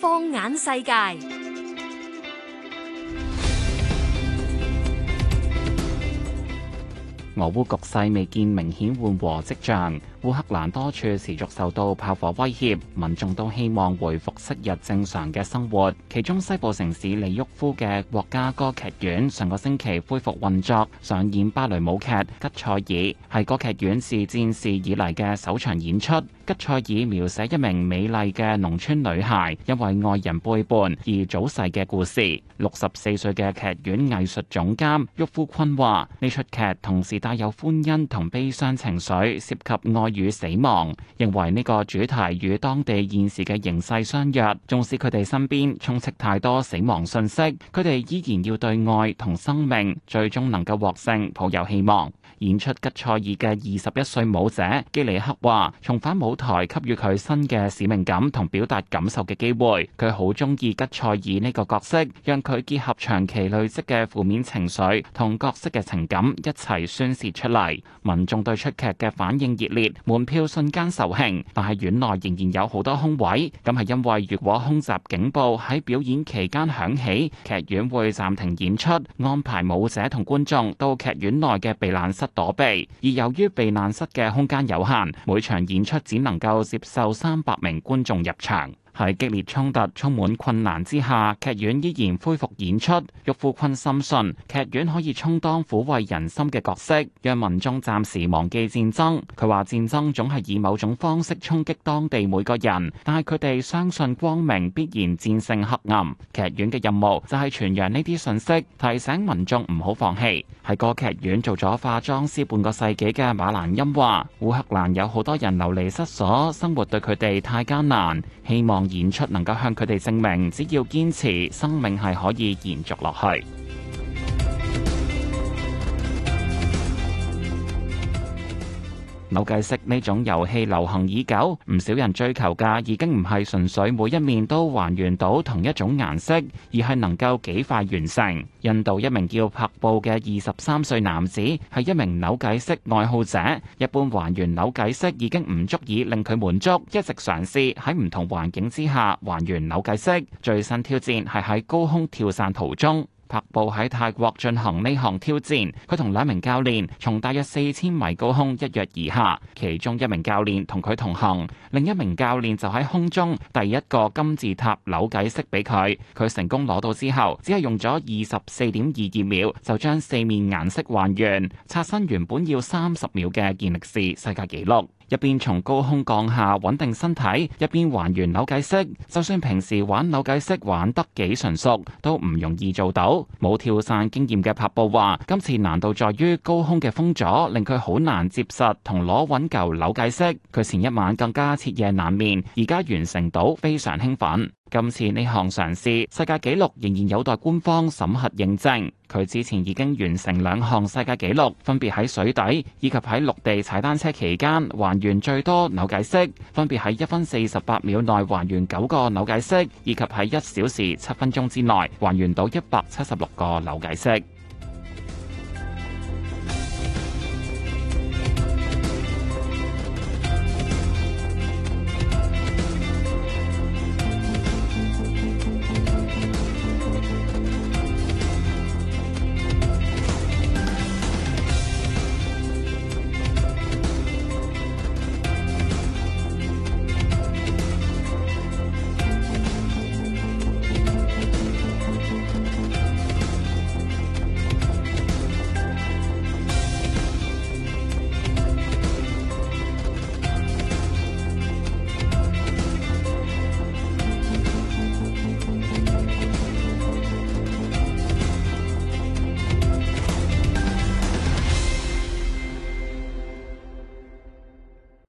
放眼世界，俄烏局勢未見明顯緩和跡象。烏克蘭多處持續受到炮火威脅，民眾都希望回復昔日正常嘅生活。其中西部城市利沃夫嘅國家歌劇院上個星期恢復運作，上演芭蕾舞劇《吉塞爾》，係歌劇院自戰事以嚟嘅首場演出。《吉塞爾》描寫一名美麗嘅農村女孩因為愛人背叛而早逝嘅故事。六十四歲嘅劇院藝術總監沃夫坤話：呢出劇同時帶有歡欣同悲傷情緒，涉及愛與死亡，認為呢個主題與當地現時嘅形勢相約，縱使佢哋身邊充斥太多死亡信息，佢哋依然要對愛同生命最終能夠獲勝抱有希望。演出吉賽爾嘅二十一歲舞者基里克話，重返舞台給予佢新嘅使命感同表達感受嘅機會。佢好中意吉賽爾呢個角色，讓佢結合長期累積嘅負面情緒同角色嘅情感一齊宣泄出嚟。民眾對出劇嘅反應熱烈。門票瞬間售罄，但係院內仍然有好多空位。咁係因為如果空襲警報喺表演期間響起，劇院會暫停演出，安排舞者同觀眾到劇院內嘅避難室躲避。而由於避難室嘅空間有限，每場演出只能夠接受三百名觀眾入場。喺激烈衝突、充滿困難之下，劇院依然恢復演出。玉富坤深信劇院可以充當撫慰人心嘅角色，讓民眾暫時忘記戰爭。佢話：戰爭總係以某種方式衝擊當地每個人，但係佢哋相信光明必然戰勝黑暗。劇院嘅任務就係傳揚呢啲信息，提醒民眾唔好放棄。喺歌劇院做咗化妝師半個世紀嘅馬蘭音話：烏克蘭有好多人流離失所，生活對佢哋太艱難，希望演出能夠向佢哋證明，只要堅持，生命係可以延續落去。扭計骰呢種遊戲流行已久，唔少人追求嘅已經唔係純粹每一面都還原到同一種顏色，而係能夠幾快完成。印度一名叫帕布嘅二十三歲男子係一名扭計骰愛好者。一般還原扭計骰已經唔足以令佢滿足，一直嘗試喺唔同環境之下還原扭計骰。最新挑戰係喺高空跳傘途中。拍部喺泰國進行呢項挑戰，佢同兩名教練從大約四千米高空一躍而下，其中一名教練同佢同行，另一名教練就喺空中第一個金字塔扭計骰俾佢，佢成功攞到之後，只係用咗二十四點二二秒就將四面顏色還原，刷新原本要三十秒嘅健力士世界紀錄。一邊從高空降下穩定身體，一邊還原扭計骰。就算平時玩扭計骰玩得幾純熟，都唔容易做到。冇跳傘經驗嘅帕布話：今次難度在於高空嘅風阻，令佢好難接實同攞穩舊扭計骰，佢前一晚更加徹夜難眠，而家完成到非常興奮。今次呢項嘗試世界紀錄仍然有待官方審核認證。佢之前已經完成兩項世界紀錄，分別喺水底以及喺陸地踩單車期間還原最多扭計骰，分別喺一分四十八秒內還原九個扭計骰，以及喺一小時七分鐘之內還原到一百七十六個扭計骰。